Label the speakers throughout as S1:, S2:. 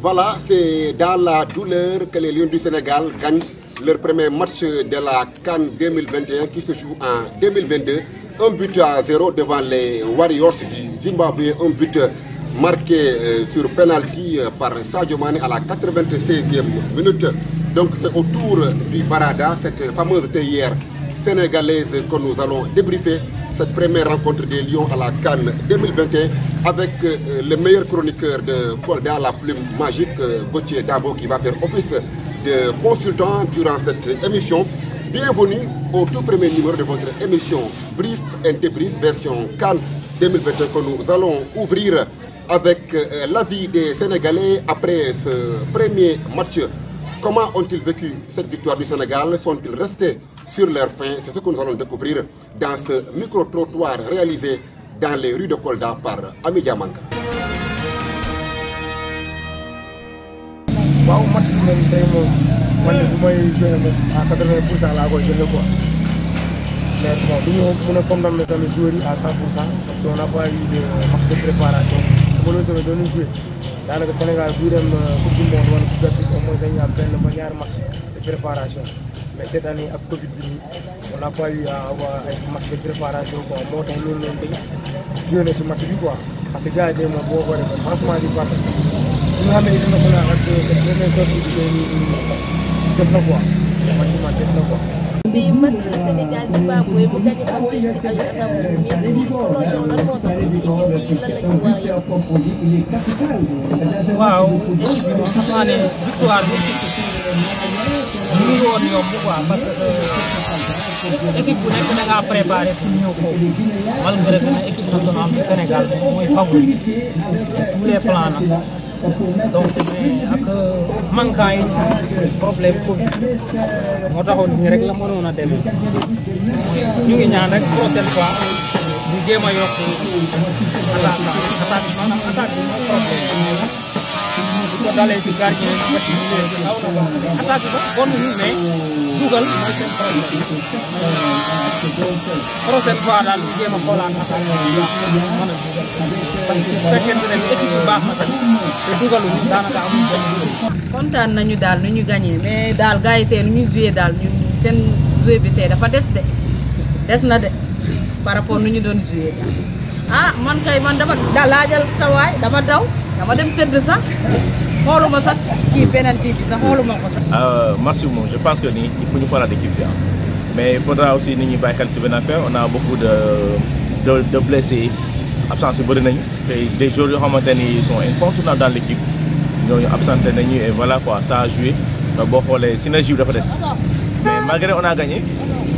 S1: Voilà, c'est dans la douleur que les Lions du Sénégal gagnent leur premier match de la Cannes 2021 qui se joue en 2022. Un but à zéro devant les Warriors du Zimbabwe, un but marqué euh, sur penalty euh, par Sadio Mane à la 96e minute. Donc c'est au tour du Barada, cette fameuse théière sénégalaise que nous allons débriefer cette première rencontre des Lions à la Cannes 2021 avec euh, le meilleur chroniqueur de Polda, la plume magique, Gauthier Dabo, qui va faire office de consultant durant cette émission. Bienvenue au tout premier numéro de votre émission Brief and Débrief version Cannes 2021 que nous allons ouvrir avec euh, l'avis des Sénégalais après ce premier match. Comment ont-ils vécu cette victoire du Sénégal Sont-ils restés sur leur faim C'est ce que nous allons découvrir dans ce micro-trottoir réalisé dans les rues de Kolda par Amidia
S2: parce qu'on pas eu Molo Touré doon nañ daanaka Sénégal buy dem euh, coupe du monde wala coupe d'Afrique au moins dañuy am benn ba de préparation mais cette année ak Covid bi nii on n'a pas eu à avoir ay match de préparation quoi moo tax loolu noonu dañ joué na si match bi quoi parce que gars yi de moom boo ko defee franchement di baax ñu nga xam ne ko bi match la Sénégal Zimbabwe mu
S3: gagné ko ne victoire bi euh,
S2: préparé pour ñëw ko malgré que nag équipe nationale du Sénégal donc ak manquant yi problème Covid moo taxoon nii rek la mënoon a demee ñu ngi ñaan rek prochaine fois ñu jéem a yokk attaque attaque maanaam attaque bi mooy problème bu ko dalee ci gardien bi attaque bi sax bon mais dugal prochaine daal jéem a xoolaat
S4: kontaan nañu daal nu ñu gagné mais daal gars yi nu ñuy joué daal seen joué bi tey dafa des de des na de par rapport nu ñu doon joué daal. Ah, man kay man dama laajal sa waay dama daw dama dem tëdd sax. Merci
S5: euh, je pense que il faut nous parler d'équipe mais il faudra aussi nous faire une xel on a beaucoup de de blessés absence de bëri des joueurs qui sont incontournables dans l'équipe. équipe absenté et voilà quoi ça a joué boo les synergie synergies de presse, mais malgré on a gagné.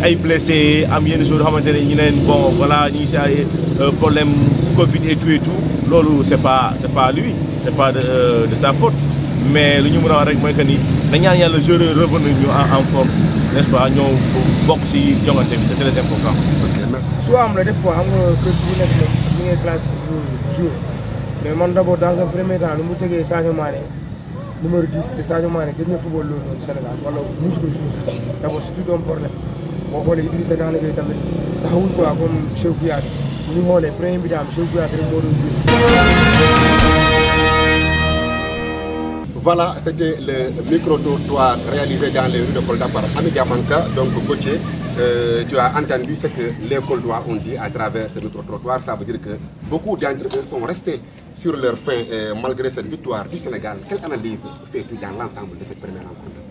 S5: ay est am il jour bon voilà euh, problème Covid et tout et tout pas c'est pas lui c'est pas de euh, sa faute mais lu ñu nous rek que ni revenu en forme nest ce pas ñoo très important.
S2: Soit am la def am nga jour mais dans un premier temps lu mu de Sadio Mané numéro 10 Sadio Mané football Sénégal wala tout problème
S1: voilà c'était le micro-trottoir réalisé dans les rues de Colda par Ami donc coaché, euh, tu as entendu ce que les doit ont dit à travers ce micro-trottoir ça veut dire que beaucoup d'entre eux sont restés sur leur faim euh, malgré cette victoire du Sénégal quelle analyse
S2: fais-tu dans l'ensemble de cette première rencontre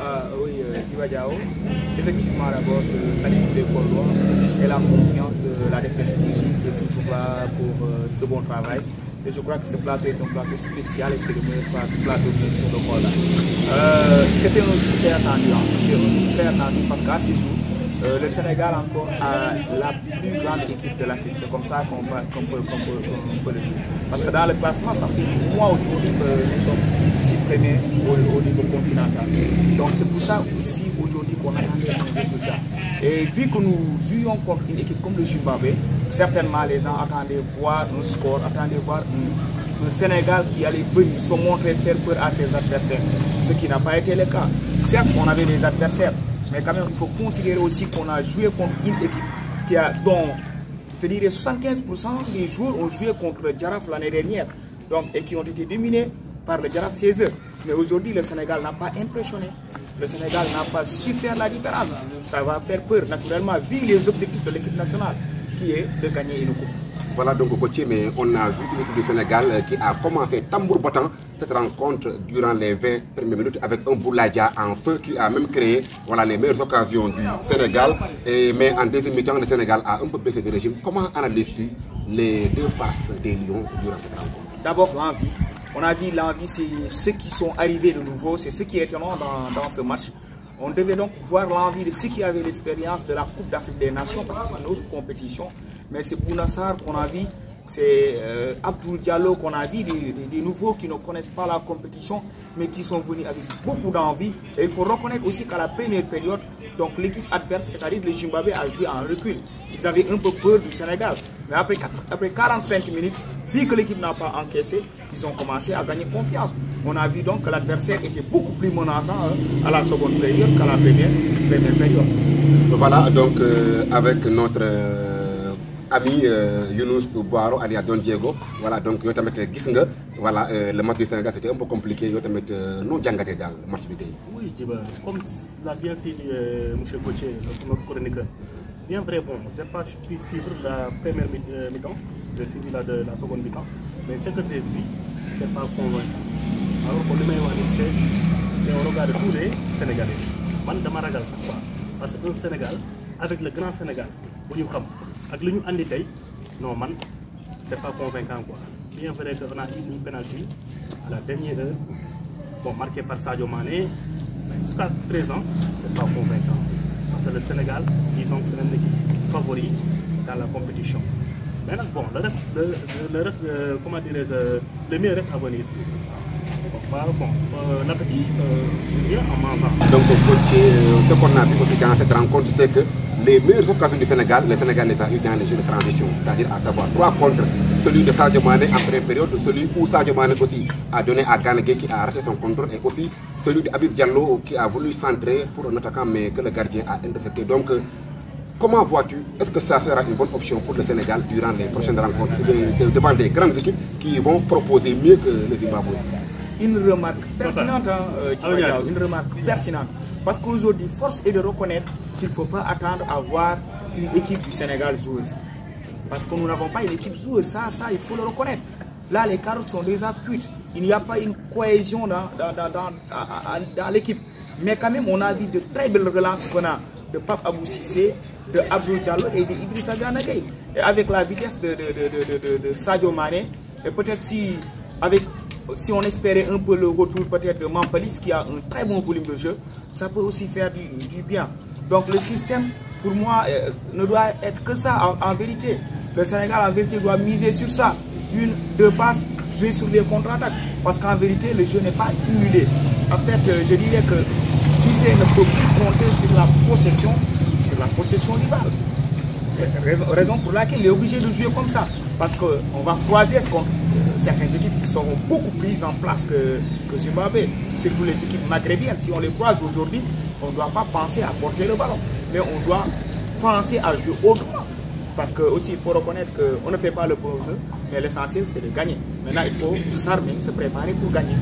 S2: ah oui, euh, Diao, effectivement, d'abord, saluer les Paulois et la confiance de la déprestige qui est toujours là pour euh, ce bon travail. Et je crois que ce plateau est un plateau spécial et c'est le meilleur plateau de ce Euh, C'était un super attendu, hein. c'était un super parce qu'à ces jours, euh, le Sénégal encore a la plus grande équipe de l'Afrique. C'est comme ça qu'on peut, le dire. Parce que dans le classement, ça fait mois aujourd'hui que nous sommes au, niveau continental. Donc c'est pour ça ici aujourd'hui qu'on attendait un résultat. Et vu que nous jouions contre une équipe comme le Zimbabwe, certainement les gens attendaient voir nos scores, attendaient voir le Sénégal qui allait venir se montrer faire peur à ses adversaires, ce qui n'a pas été le cas. Certes, on avait des adversaires, mais quand même, il faut considérer aussi qu'on a joué contre une équipe qui a, dont cest dire 75% des joueurs ont joué contre le Djaraf l'année dernière donc, et qui ont été dominés par le Giraffe 16 Mais aujourd'hui, le Sénégal n'a pas impressionné. Le Sénégal n'a pas su faire la différence. Ça va faire peur, naturellement, vu les objectifs de l'équipe nationale, qui est de gagner une coupe. Voilà donc
S1: Gauthier, mais on a vu l'équipe du Sénégal euh, qui a commencé tambour battant cette rencontre durant les 20 premières minutes avec un Bouladia en feu qui a même créé voilà, les meilleures occasions du Sénégal. Et, mais en deuxième mi-temps, le Sénégal a un peu baissé de régime. Comment analyses-tu les deux
S2: faces des Lions durant cette rencontre D'abord, l'envie on a vu l'envie, c'est ceux qui sont arrivés de nouveau, c'est ceux qui étaient dans, ce match. On devait donc voir l'envie de ceux qui avaient l'expérience de la Coupe d'Afrique des Nations, parce que c'est une autre compétition. Mais c'est Bounassar qu'on a vu, c'est euh, Abdul Diallo qu'on a vu, des, nouveaux qui ne connaissent pas la compétition, mais qui sont venus avec beaucoup d'envie. Et il faut reconnaître aussi qu'à la première période, l'équipe adverse, c'est-à-dire le Zimbabwe, a joué en recul. Ils avaient un peu peur du Sénégal. Mais après, après 45 minutes, vu que l'équipe n'a pas encaissé, ils ont commencé à gagner confiance. On a vu donc que l'adversaire était beaucoup plus menaçant hein, à la seconde période qu'à la première, première, période.
S1: Voilà, donc euh, avec notre... Euh, ami Yunus euh, Younous Boaro alias Don Diego voilà donc il y gis nga voilà le match du Sénégal c'était un peu compliqué yow nous noo dans le match
S6: du Sénégal. oui comme l'a bien dit M. Gauthier notre chroniqueur bien vrai, bon, je n'ai pas pu suivre la première euh, mi-temps, j'ai suivi la, de, la seconde mi-temps, mais ce que j'ai vu, ce n'est pas convaincant. Alors pour le moment, c'est un regard de tous les Sénégalais. man je me c'est quoi Parce qu'un Sénégal, avec le grand Sénégal, vous ñu avec ak lu ñu non man n'est pas convaincant quoi bien vrai que a eu une pénalité à la dernière heure bon marqué par Sadio Mané mais jusqu'à présent ce n'est pas convaincant. Parce que le Sénégal, disons que c'est un équipe favori dans la compétition. Maintenant, bon, le reste, le, reste comment dirais-je, le mieux reste à venir. Bon, bon euh, euh, en mangeant. Donc, euh, ce qu'on a vu aussi
S1: dans cette rencontre, c'est que les meilleurs occasions du Sénégal, le Sénégal les a eu dans les jeux de transition, c'est-à-dire à savoir trois contre, celui de Sadio Mané après une période, celui où Sadio Mané aussi a donné à Ganegué qui a arraché son contrôle, et aussi celui de Diallo qui a voulu centrer pour un attaquant mais que le gardien a intercepté. Donc, comment vois-tu, est-ce que ça sera une bonne option pour le Sénégal durant les prochaines rencontres euh, devant des grandes équipes qui vont proposer mieux que le Zimbabwe
S2: Une remarque pertinente, hein, euh, une remarque pertinente. Parce qu'aujourd'hui, force est de reconnaître qu'il ne faut pas attendre à voir une équipe du Sénégal joueuse. Parce que nous n'avons pas une équipe joueuse, ça, ça, il faut le reconnaître. Là, les carottes sont déjà Il n'y a pas une cohésion dans, l'équipe. Mais quand même, on a vu de très belles relances qu'on a de Pape Abou Sissé, de Abdul Diallo et de d'Idrissa Et Avec la vitesse de, de Sadio Mane, et peut-être si avec si on espérait un peu le retour peut-être de Mampalis, qui a un très bon volume de jeu, ça peut aussi faire du, bien. Donc le système, pour moi, euh, ne doit être que ça en, vérité. Le Sénégal, en vérité, doit miser sur ça. Une, deux passes, jouer sur les contre-attaques. Parce qu'en vérité, le jeu n'est pas humilé. En fait, euh, je dirais que si c'est ne peut plus compter sur la possession, sur la possession rivale. Raison, raison pour laquelle il est obligé de jouer comme ça. Parce qu'on va croiser -ce certaines équipes qui seront beaucoup plus en place que, que Zimbabwe. Surtout les équipes maghrébiennes. Si on les croise aujourd'hui, on ne doit pas penser à porter le ballon. Mais on doit penser à jouer autrement. Parce que aussi, il faut reconnaître qu'on ne fait pas le bon jeu, mais l'essentiel, c'est de gagner. Maintenant, il faut s'armer, se préparer pour gagner.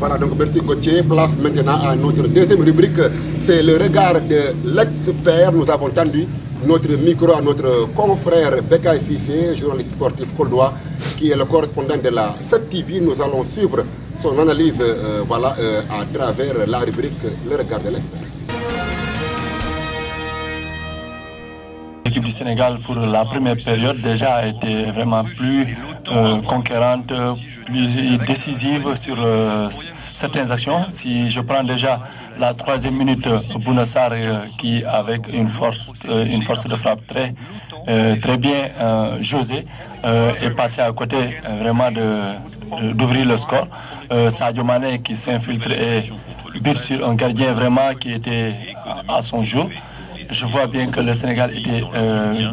S2: Voilà, donc merci
S1: Gauthier. Place maintenant à notre deuxième rubrique. C'est le regard de l'expert. Nous avons tendu notre micro à notre confrère Bekay Fissé, journaliste sportif coldois, qui est le correspondant de la TV. Nous allons suivre son analyse euh, voilà, euh, à travers la rubrique Le regard de l'expert.
S3: L'équipe du Sénégal pour la première période déjà a été vraiment plus euh, conquérante, plus décisive sur certaines actions. Si je prends déjà la troisième minute, Bounassar euh, qui, avec une force, euh, une force de frappe très, euh, très bien José, est passé à côté vraiment d'ouvrir le score. Sadio Mané qui s'infiltre et bute sur un gardien vraiment qui était à, son jour je vois bien que le Sénégal était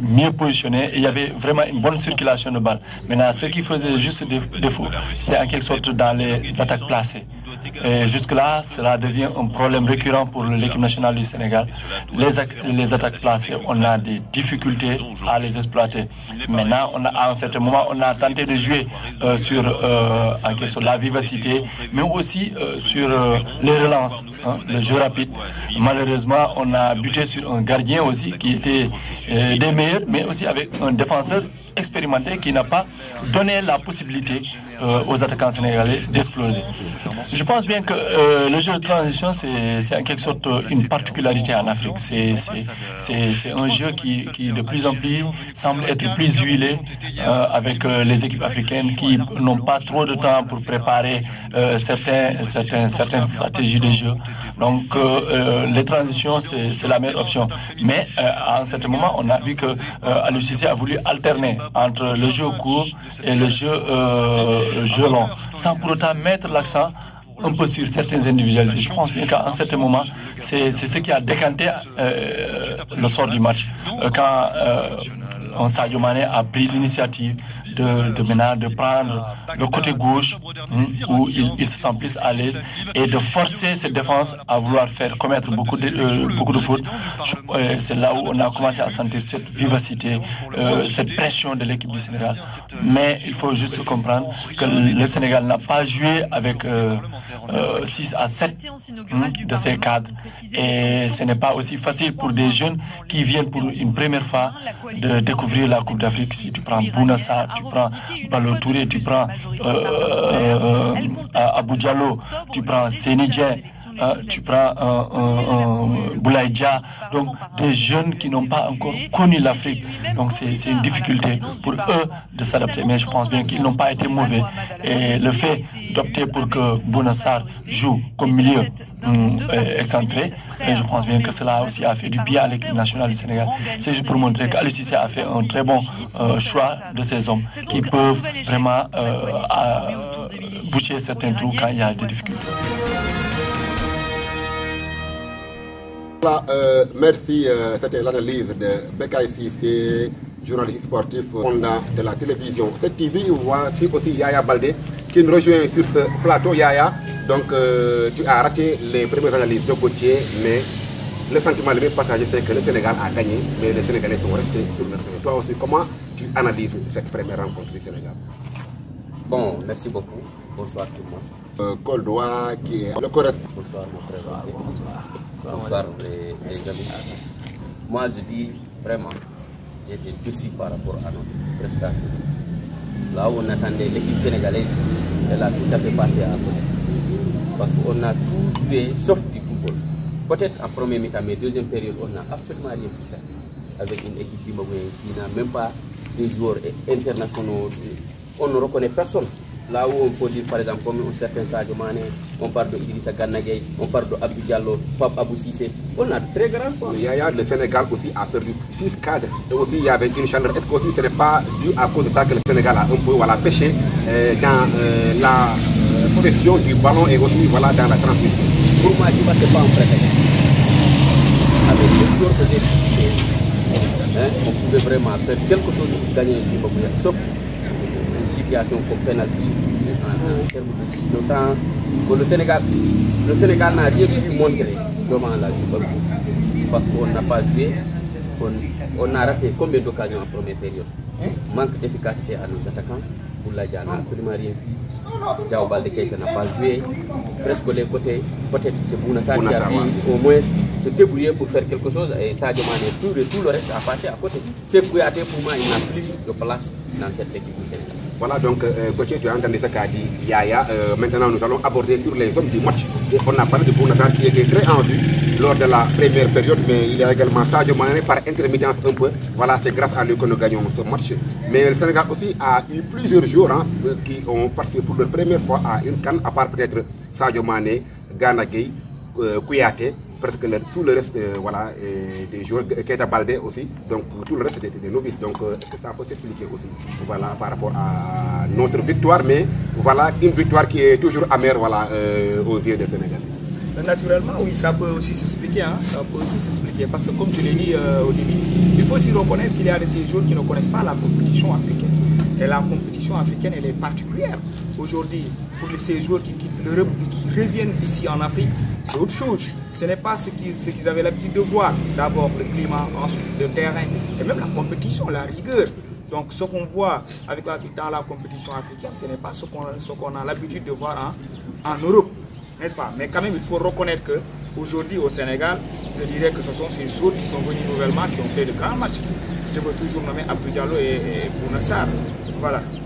S3: mieux positionné et il y avait vraiment une bonne circulation de balles. Maintenant, ce qui faisait juste défaut, c'est en quelque sorte dans les attaques placées. Et jusque-là, cela devient un problème récurrent pour l'équipe nationale du Sénégal. Les, attaques placées, on a des difficultés à les exploiter. Maintenant, on a, à un certain moment, on a tenté de jouer euh, sur, euh, la vivacité, mais aussi euh, sur les relances, hein, le jeu rapide. Malheureusement, on a buté sur un gardien aussi qui était des meilleurs, mais aussi avec un défenseur expérimenté qui n'a pas donné la possibilité euh, aux attaquants sénégalais d'exploser. Je pense bien que euh, le jeu de transition, c'est en quelque sorte euh, une particularité en Afrique. C'est un jeu qui, qui, de plus en plus semble être plus huilé avec les équipes africaines qui n'ont pas trop de temps pour préparer certains, certaines stratégies de jeu. Donc les transitions, c'est la meilleure option. Mais en ce moment, on a vu que euh, a voulu alterner entre le jeu court et le jeu gelon euh, sans pour autant mettre l'accent un peu sur certains individualités. Je pense bien qu'à moment, c'est ce qui a décanté euh, le sort du match. Euh, quand on Sadio Mané a pris l'initiative de, de, de prendre le côté gauche hmm, où il, se sent plus à l'aise et de forcer cette défense à vouloir faire commettre beaucoup de, euh, beaucoup de fautes. Euh, c'est là où on a commencé à sentir cette vivacité, euh, cette pression de l'équipe du Sénégal. Mais il faut juste comprendre que le Sénégal n'a pas joué avec 6 à 7 hmm, de ses cadres. Et ce n'est pas aussi facile pour des jeunes qui viennent pour une première fois de découvrir ouvrir la Coupe d'Afrique, si tu prends Bounassa, tu prends Balotouré, tu prends euh, euh, euh Djalo, tu prends Sénidien, euh, tu prends euh, Boulaïdja, donc des jeunes qui n'ont pas encore connu l'Afrique. Donc c'est une difficulté pour eux de s'adapter, mais je pense bien qu'ils n'ont pas été mauvais. Et le fait d'opter pour que Bounassar joue comme milieu hum, excentré. Et je pense bien que cela aussi a fait du bien à l'équipe nationale du Sénégal. C'est juste pour montrer qu'Alucissé a fait un très bon euh, choix de ces hommes qui peuvent vraiment euh, euh, boucher certains trous quand il y a des difficultés.
S1: merci. C'était l'analyse de Bekay journaliste sportif, de la télévision. Cette TV, on voit aussi Yaya Baldé qui nous rejoint sur ce plateau, Yaya. Donc, euh, tu as raté les premières analyses de Gauthier, mais le sentiment le mieux partagé, c'est que le Sénégal a gagné, mais les Sénégalais sont restés sur leur terrain. Toi aussi, comment tu analyses cette première rencontre du Sénégal Bon, merci beaucoup. Bonsoir tout le monde. Euh, qui est le
S4: correspondant. Bonsoir, mon frère. Bonsoir, bonsoir. Bonsoir, bonsoir les, amis. Moi, je dis vraiment, j'ai été déçu par rapport à notre prestation là où on attendait l'équipe sénégalaise, elle a tout à fait passé à côté. Parce qu'on a tout fait sauf du football. Peut-être en première mi-temps, mais deuxième période, on n'a absolument rien pu faire. Avec une équipe qui n'a même pas des joueurs internationaux. On ne reconnaît personne là où on peut dire par exemple comme un certain Sadio Mané, on parle de Idrissa Kanagay, on parle de Abdou Diallo, Pape Abou Sissé, on a très grand choix. Il y a, le Sénégal aussi
S1: a perdu 6 cadres et aussi il y a une chambres. Est-ce que ce n'est pas dû à cause de ça que le Sénégal a un peu voilà, pêché euh, dans euh, la euh, protection du ballon et aussi voilà, dans la transmission
S4: Pour moi, ne pas un problème Avec le tour que hein, on pouvait vraiment faire quelque chose pour gagner Sauf une situation comme pénalité, le Sénégal, le Sénégal n'a rien montré montrer devant la Zimbabwe. Parce qu'on n'a pas joué, on, a raté combien d'occasions en première période. Manque d'efficacité à nos attaquants. pour n'a absolument rien vu. Diao Keita n'a pas joué. Presque les côtés, peut-être c'est Bounassar qui a pu au moins se débrouiller pour faire quelque chose et ça a demandé tout, le reste à passer à côté. C'est pour moi, il n'a plus de place dans cette équipe du Sénégal.
S1: Voilà donc, euh, Gauthier, tu as entendu ce qu'a dit Yaya. Euh, maintenant, nous allons aborder sur les hommes du match. On a parlé de Bounassar qui était très en vue lors de la première période, mais il y a également Sadio Mané par intermittence un peu. Voilà, c'est grâce à lui que nous gagnons ce match. Mais le Sénégal aussi a eu plusieurs joueurs hein, qui ont participé pour la première fois à une canne, à part peut-être Sadio Mané, Ghana euh, Kouyaté, parce que tout le reste euh, voilà, des joueurs, à euh, Baldé aussi, donc tout le reste était des novices. Donc euh, ça peut s'expliquer aussi voilà, par rapport à notre victoire, mais voilà, une victoire qui est toujours amère voilà, au aux yeux des Sénégalais
S2: Naturellement, oui, ça peut aussi s'expliquer. Hein. ça peut aussi s'expliquer parce que comme je l'ai dit au début, il faut aussi reconnaître qu'il y a des joueurs qui ne connaissent pas la compétition africaine. Et la compétition africaine, elle est particulière. Aujourd'hui, pour ces joueurs qui quittent l'Europe qui reviennent ici en Afrique, c'est autre chose. Ce n'est pas ce qu'ils avaient l'habitude de voir. D'abord le climat, ensuite le terrain, et même la compétition, la rigueur. Donc ce qu'on voit avec la, dans la compétition africaine, ce n'est pas ce qu'on a l'habitude de voir hein, en, Europe. N'est-ce pas Mais quand même, il faut reconnaître que aujourd'hui au Sénégal, je dirais que ce sont ces joueurs qui sont venus nouvellement qui ont fait de grands matchs. Je veux toujours nommer Abdou Diallo et, et Bounassar.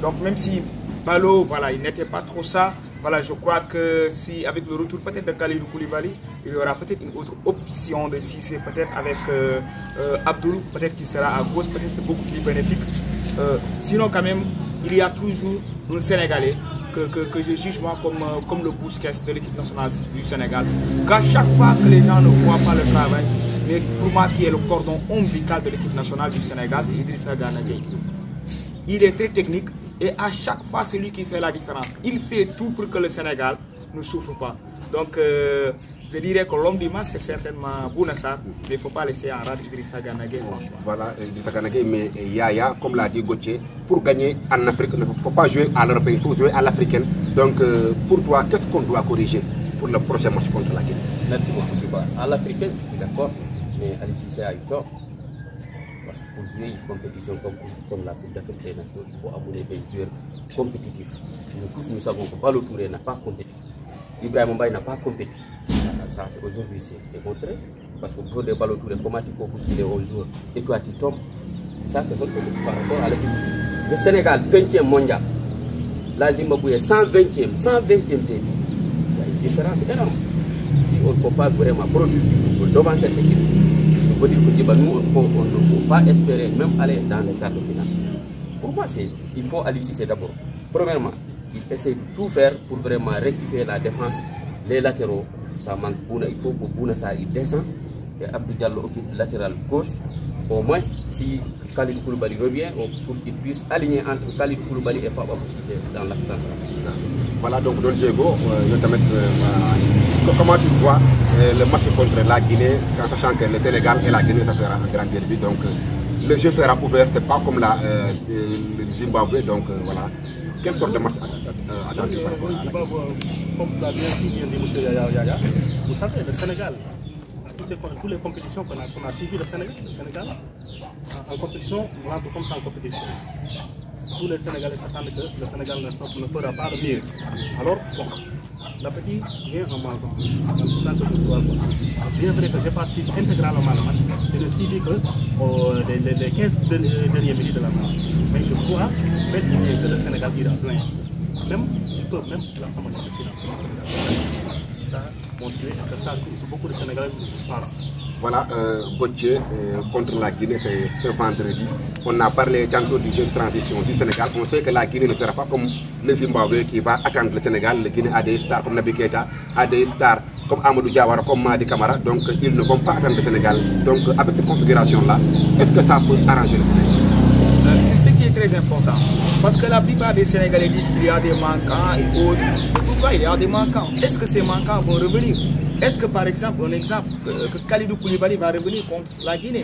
S2: Donc même si Balo, voilà, il n'était pas trop ça, voilà, je crois que si avec le retour peut-être de Kalidou Koulibaly, il y aura peut-être une autre option de si c'est peut-être avec euh, euh Abdoulou, peut-être qu'il sera à gauche, peut-être c'est beaucoup plus bénéfique. Euh, sinon quand même, il y a toujours un Sénégalais que, je juge moi euh, comme, le Bousquet de l'équipe nationale du Sénégal. Qu'à chaque fois que les gens ne voient pas le travail, mais pour moi qui est le cordon ombilical de l'équipe nationale du Sénégal, c'est Idrissa Ganagay. Il est très technique et à chaque fois, c'est lui qui fait la différence. Il fait tout pour que le Sénégal ne souffre pas. Donc, euh, je dirais que l'homme du match, c'est certainement Bounassar, mais il ne faut pas laisser en rade Idrissa Ganagé. Voilà,
S1: Idrissa Ganagé, mais Yaya, comme l'a dit Gauthier, pour gagner en Afrique, il ne faut pas jouer à l'Europe, il faut jouer à l'africaine. Donc, euh, pour toi, qu'est-ce qu'on doit corriger pour le prochain match
S4: contre la Guinée Merci beaucoup, Suba. À l'africaine, c'est d'accord, mais Alexis c'est à tort pour jouer une compétition comme, comme la Coupe d'Afrique des il faut amener des joueurs compétitifs. Nous tous, nous savons que Balotouré n'a pas compétit. Ibrahim Mbaye n'a pas compétit. Ça, aujourd'hui, c'est contraire. Parce que pour de Balotouré, comment tu peux qu'il est et toi, tu tombes Ça, c'est votre par rapport à l'équipe. Le Sénégal, 20e mondial. La Zimbabwe, 120e. 120e, c'est. Il y a une différence énorme. Si on ne peut pas vraiment produire du football devant cette équipe, faut dire que nous, on ne peut pas espérer même aller dans les quarts de finale. Pour moi, il faut aller ici d'abord. Premièrement, il essaie de tout faire pour vraiment rectifier la défense, les latéraux. Ça manque il faut que Bounassar descende et Abdou Diallo occupe le latéral gauche. Au moins, si Khalid Koulibaly revient, pour qu'il puisse aligner entre Khalid Koulibaly et Papa Boussissé dans l'axe Voilà donc Don Diego, euh, je vais te mettre euh,
S1: comment tu vois euh, le match contre la Guinée, en sachant que le Sénégal et la Guinée, ça sera un grand derby. Donc euh, le jeu sera ouvert, c'est pas comme la, euh, le Zimbabwe. Donc voilà.
S6: Quelle sorte de match attendu par rapport à Comme l'a vous savez, le Sénégal, tous toutes les compétitions qu'on a, suivi, suivies, le Sénégal, le Sénégal en compétition, on rentre comme ça en compétition tous les Sénégalais s'attendent que le Sénégal ne, fera pas le mieux. Alors, bon, la petite vient en mangeant. c'est ça que je dois voir. Bien vrai que je n'ai pas suivi intégralement la marche. Je ne suivi que euh, les, 15 euh, dernières minutes de la marche. Mais je crois que le Sénégal ira plein. Même, il peut même la commander la Sénégal. Ça, mon souhait, c'est ça que beaucoup de Sénégalais pensent.
S1: Voilà, votre euh, jeu euh, contre la Guinée, c'est ce vendredi. On a parlé tantôt du jeu de transition du Sénégal. On sait que la Guinée ne sera pas comme le Zimbabwe qui va attendre le Sénégal. La Guinée a des stars comme Nabi Keita, a des stars comme Amadou Diawara, comme Madi Kamara. Donc, ils ne vont pas attendre le Sénégal. Donc, avec cette configuration-là,
S2: est-ce que ça peut arranger le Sénégal euh, C'est ce qui est très important. Parce que la plupart des Sénégalais disent qu'il y a des manquants et autres il y a des manquants. Est-ce que ces manquants vont revenir Est-ce que, par exemple, un exemple, que, Kalidou Khalidou Koulibaly va revenir contre la Guinée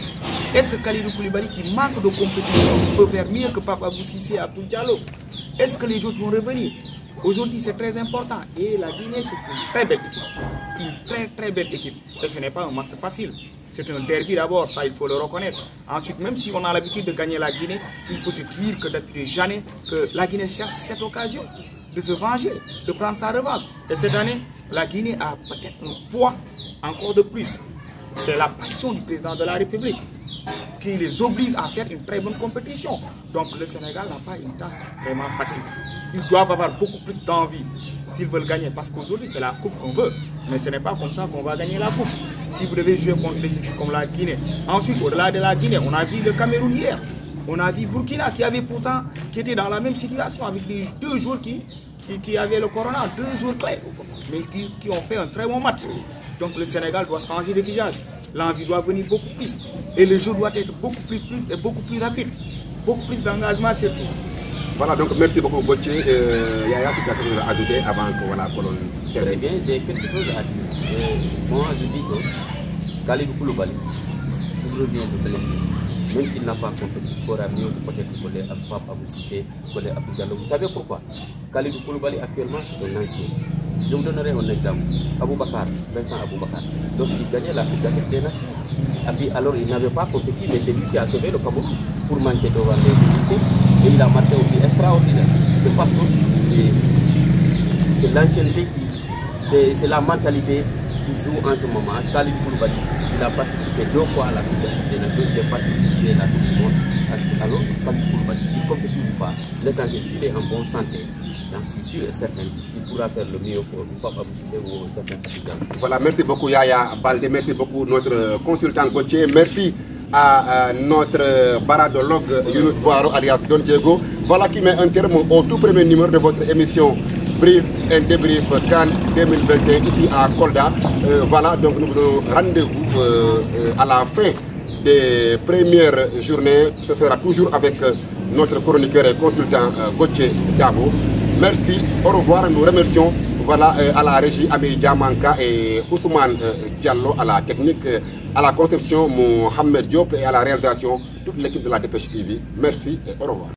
S2: Est-ce que Khalidou Koulibaly, qui manque de compétition, peut faire mieux que Papa Boussissé à tout dialogue Est-ce que les autres vont revenir Aujourd'hui, c'est très important. Et la Guinée, c'est une très belle équipe. Une très, très belle équipe. Et ce n'est pas un match facile. C'est un derby d'abord, ça il faut le reconnaître. Ensuite, même si on a l'habitude de gagner la Guinée, il faut se dire que depuis des que la Guinée cherche cette occasion de se venger, de prendre sa revanche. Et cette année, la Guinée a peut-être un poids encore de plus. C'est la passion du président de la République qui les oblige à faire une très bonne compétition. Donc le Sénégal n'a pas une tasse vraiment facile. Ils doivent avoir beaucoup plus d'envie s'ils veulent gagner. Parce qu'aujourd'hui, c'est la coupe qu'on veut. Mais ce n'est pas comme ça qu'on va gagner la coupe. Si vous devez jouer contre des équipes comme la Guinée. Ensuite, au-delà de la Guinée, on a vu le Cameroun hier. On a vu Burkina qui avait pourtant, qui était dans la même situation avec les deux joueurs qui, qui, avaient le corona, deux joueurs clés, mais qui, ont fait un très bon match. Donc le Sénégal doit changer de visage. L'envie doit venir beaucoup plus. Et le jeu doit être beaucoup plus fluide et beaucoup plus rapide. Beaucoup plus d'engagement c'est tout. Voilà, donc merci beaucoup
S4: Gauthier. Yaya, tu as quelque chose à ajouter avant que voilà, l'on termine. Très bien, j'ai quelque chose à dire. Euh, moi, je dis que Khalid C'est s'il revient de même s'il n'a pas compris, il faudra mieux peut-être coller à Pape Abou Sissé, coller à Vous savez pourquoi Khalid Koulibaly actuellement c'est un ancien. Je vous donnerai un exemple. Abou Bakar, Vincent Abou Bakar, lorsqu'il gagnait la Coupe d'Afrique des alors il n'avait pas qui, mais c'est lui qui a sauvé le Cameroun pour manquer devant les difficultés. Et il a marqué aussi extraordinaire. C'est parce que c'est l'ancienneté qui. C'est la mentalité qui joue en ce moment. Khalid Koulibaly il a participé deux fois à la Coupe de des Nations, il a participé à la Coupe du Monde. Alors, comme Koulibaly, il compétit ou pas, l'essentiel, s'il est en bonne santé, j'en suis sûr et certain, il pourra faire le mieux pour nous, pas participer aux certains
S1: Voilà, merci beaucoup Yaya Balde, merci beaucoup notre consultant Gauthier, merci à notre baradologue Yunus Boaro alias Don Diego. Voilà qui met un terme au tout premier numéro de votre émission Brief et débrief Cannes 2021 ici à Kolda. Euh, voilà, donc nous vous rendez-vous euh, euh, à la fin des premières journées. Ce sera toujours avec notre chroniqueur et consultant Gauthier Davo. Merci, au revoir, nous remercions voilà, euh, à la régie Amélie Diamanka et Ousmane euh, Diallo à la technique, euh, à la conception Mohamed Diop et à la réalisation toute l'équipe de la Dépêche TV. Merci et au revoir.